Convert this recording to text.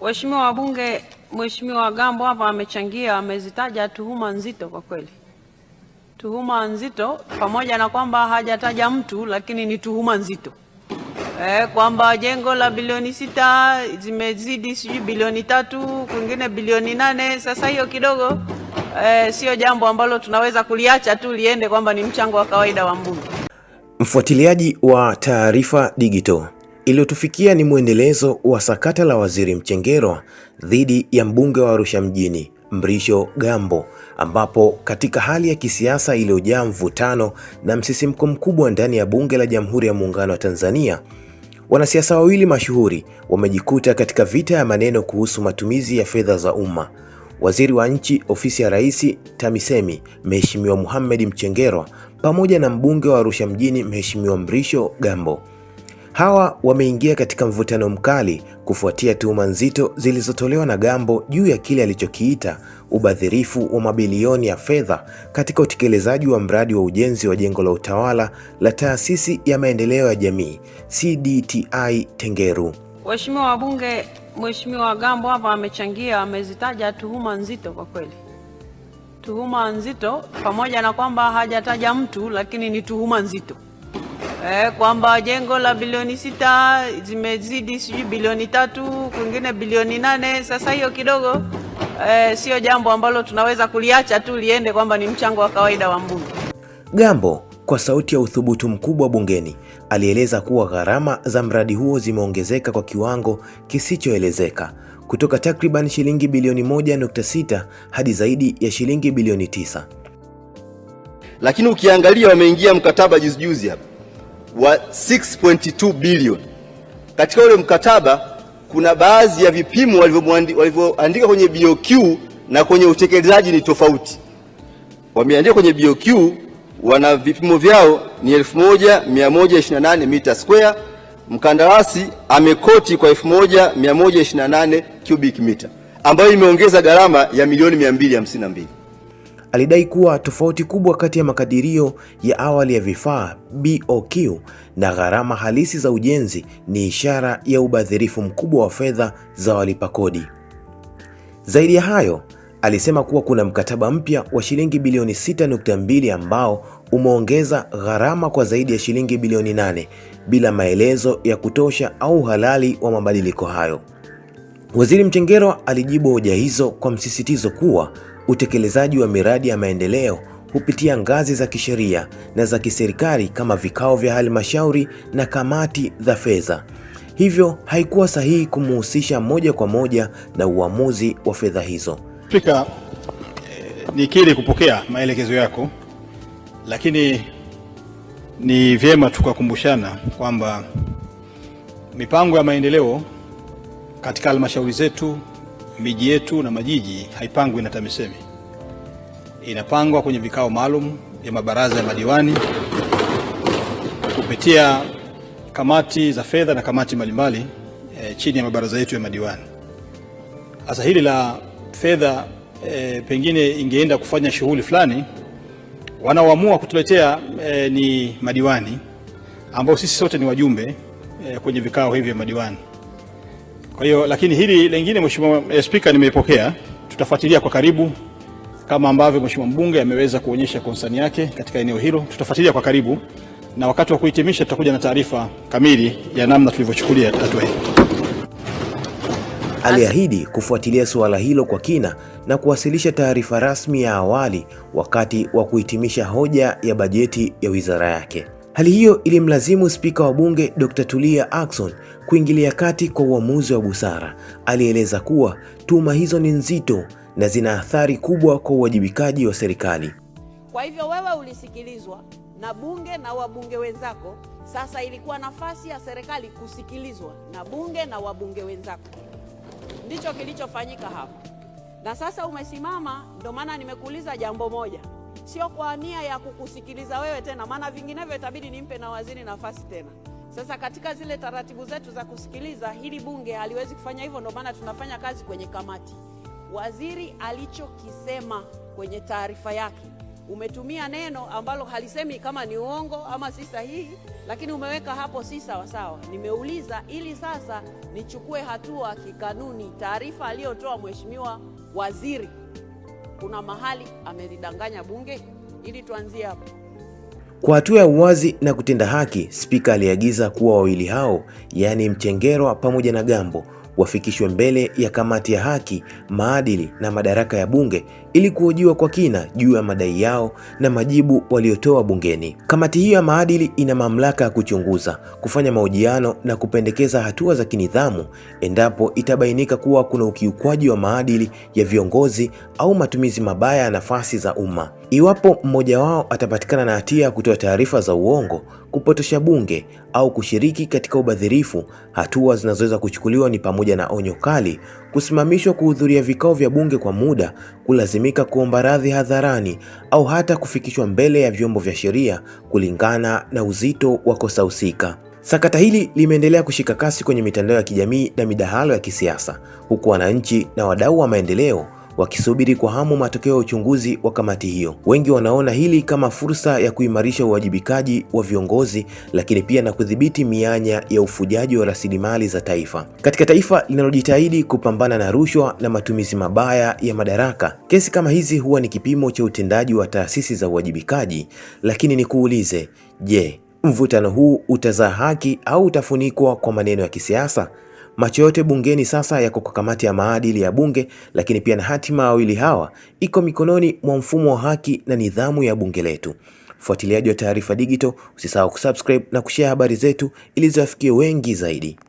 Waheshimiwa wabunge, Mheshimiwa Gambo hapa amechangia, amezitaja tuhuma nzito kwa kweli, tuhuma nzito, pamoja na kwamba hajataja mtu, lakini ni tuhuma nzito eh, kwamba jengo la bilioni sita zimezidi sijui bilioni tatu, kwingine bilioni nane. Sasa hiyo kidogo eh, sio jambo ambalo tunaweza kuliacha tu liende kwamba ni mchango wa kawaida wa mbunge. Mfuatiliaji wa Taarifa Digital Iliyotufikia ni mwendelezo wa sakata la Waziri Mchengerwa dhidi ya mbunge wa Arusha Mjini Mrisho Gambo, ambapo katika hali ya kisiasa iliyojaa mvutano na msisimko mkubwa ndani ya Bunge la Jamhuri ya Muungano wa Tanzania, wanasiasa wawili mashuhuri wamejikuta katika vita ya maneno kuhusu matumizi ya fedha za umma. Waziri wa Nchi, Ofisi ya Rais TAMISEMI, Mheshimiwa Mohamed Mchengerwa pamoja na mbunge wa Arusha Mjini Mheshimiwa Mrisho Gambo Hawa wameingia katika mvutano mkali kufuatia tuhuma nzito zilizotolewa na Gambo juu ya kile alichokiita ubadhirifu wa mabilioni ya fedha katika utekelezaji wa mradi wa ujenzi wa jengo la utawala la Taasisi ya Maendeleo ya Jamii CDTI Tengeru. Waheshimiwa wabunge, Mheshimiwa Gambo hapa amechangia, amezitaja tuhuma nzito kwa kweli. Tuhuma nzito pamoja na kwamba hajataja mtu, lakini ni tuhuma nzito eh, kwamba jengo la bilioni sita zimezidi sijui bilioni tatu kwingine bilioni nane Sasa hiyo kidogo eh, sio jambo ambalo tunaweza kuliacha tu liende kwamba ni mchango wa kawaida wa mbunge. Gambo kwa sauti ya uthubutu mkubwa bungeni alieleza kuwa gharama za mradi huo zimeongezeka kwa kiwango kisichoelezeka kutoka takriban shilingi bilioni 1.6 hadi zaidi ya shilingi bilioni 9. Lakini ukiangalia wameingia mkataba juzijuzi hapa wa 6.2 bilioni. Katika ule mkataba kuna baadhi ya vipimo walivyoandika kwenye BOQ na kwenye utekelezaji ni tofauti. Wameandika kwenye BOQ wana vipimo vyao ni 1128 mita square, mkandarasi amekoti kwa 1128 cubic mita ambayo imeongeza gharama ya milioni 252 alidai kuwa tofauti kubwa kati ya makadirio ya awali ya vifaa BOQ na gharama halisi za ujenzi ni ishara ya ubadhirifu mkubwa wa fedha za walipa kodi. Zaidi ya hayo, alisema kuwa kuna mkataba mpya wa shilingi bilioni 6.2 ambao umeongeza gharama kwa zaidi ya shilingi bilioni 8 bila maelezo ya kutosha au halali wa mabadiliko hayo. Waziri Mchengerwa alijibu hoja hizo kwa msisitizo kuwa Utekelezaji wa miradi ya maendeleo hupitia ngazi za kisheria na za kiserikali kama vikao vya halmashauri na kamati za fedha. Hivyo haikuwa sahihi kumhusisha moja kwa moja na uamuzi wa fedha hizo. Spika, nikiri kupokea maelekezo yako, lakini ni vyema tukakumbushana kwamba mipango ya maendeleo katika halmashauri zetu miji yetu na majiji haipangwi na TAMISEMI, inapangwa kwenye vikao maalum vya mabaraza ya madiwani kupitia kamati za fedha na kamati mbalimbali e, chini ya mabaraza yetu ya madiwani. Sasa hili la fedha e, pengine ingeenda kufanya shughuli fulani, wanaoamua kutuletea e, ni madiwani ambao sisi sote ni wajumbe e, kwenye vikao hivi vya madiwani. Kwa hiyo lakini hili lingine, Mheshimiwa eh, Spika, nimeipokea, tutafuatilia kwa karibu kama ambavyo Mheshimiwa mbunge ameweza kuonyesha konsani yake katika eneo hilo. Tutafuatilia kwa karibu na wakati wa kuhitimisha tutakuja na taarifa kamili ya namna tulivyochukulia hatua hii. Aliahidi kufuatilia suala hilo kwa kina na kuwasilisha taarifa rasmi ya awali wakati wa kuhitimisha hoja ya bajeti ya wizara yake. Hali hiyo ilimlazimu spika wa bunge Dr. Tulia Ackson kuingilia kati kwa uamuzi wa busara. Alieleza kuwa tuhuma hizo ni nzito na zina athari kubwa kwa uwajibikaji wa serikali. Kwa hivyo wewe ulisikilizwa na bunge na wabunge wenzako. Sasa ilikuwa nafasi ya serikali kusikilizwa na bunge na wabunge wenzako, ndicho kilichofanyika hapa, na sasa umesimama. Ndio maana nimekuuliza jambo moja sio kwa nia ya kukusikiliza wewe tena, maana vinginevyo itabidi nimpe na waziri nafasi tena. Sasa katika zile taratibu zetu za kusikiliza, hili bunge haliwezi kufanya hivyo, ndio maana tunafanya kazi kwenye kamati. Waziri alichokisema kwenye taarifa yake, umetumia neno ambalo halisemi kama ni uongo ama si sahihi, lakini umeweka hapo si sawasawa. Nimeuliza ili sasa nichukue hatua kikanuni, taarifa aliyotoa mheshimiwa waziri kuna mahali amelidanganya bunge? Ili tuanzie hapo. Kwa hatua ya uwazi na kutenda haki, Spika aliagiza kuwa wawili hao, yaani Mchengerwa pamoja na Gambo, wafikishwe mbele ya kamati ya haki, maadili na madaraka ya bunge ili kuhojiwa kwa kina juu ya madai yao na majibu waliotoa bungeni. Kamati hiyo ya maadili ina mamlaka ya kuchunguza, kufanya mahojiano na kupendekeza hatua za kinidhamu endapo itabainika kuwa kuna ukiukwaji wa maadili ya viongozi au matumizi mabaya ya nafasi za umma. Iwapo mmoja wao atapatikana na hatia ya kutoa taarifa za uongo, kupotosha bunge au kushiriki katika ubadhirifu, hatua zinazoweza kuchukuliwa ni pamoja na onyo kali, kusimamishwa kuhudhuria vikao vya bunge kwa muda, kulazimika kuomba radhi hadharani au hata kufikishwa mbele ya vyombo vya sheria kulingana na uzito wa kosa husika. Sakata hili limeendelea kushika kasi kwenye mitandao ya kijamii na midahalo ya kisiasa, huku wananchi na wadau wa maendeleo wakisubiri kwa hamu matokeo ya uchunguzi wa kamati hiyo. Wengi wanaona hili kama fursa ya kuimarisha uwajibikaji wa viongozi, lakini pia na kudhibiti mianya ya ufujaji wa rasilimali za taifa. Katika taifa linalojitahidi kupambana na rushwa na matumizi mabaya ya madaraka, kesi kama hizi huwa ni kipimo cha utendaji wa taasisi za uwajibikaji. Lakini nikuulize, je, mvutano huu utazaa haki au utafunikwa kwa maneno ya kisiasa? Macho yote bungeni sasa yako kwa kamati ya maadili ya bunge, lakini pia na hatima ya wawili hawa iko mikononi mwa mfumo wa haki na nidhamu ya bunge letu. Mfuatiliaji wa Taarifa Digital, usisahau kusubscribe na kushare habari zetu ili ziwafikie wengi zaidi.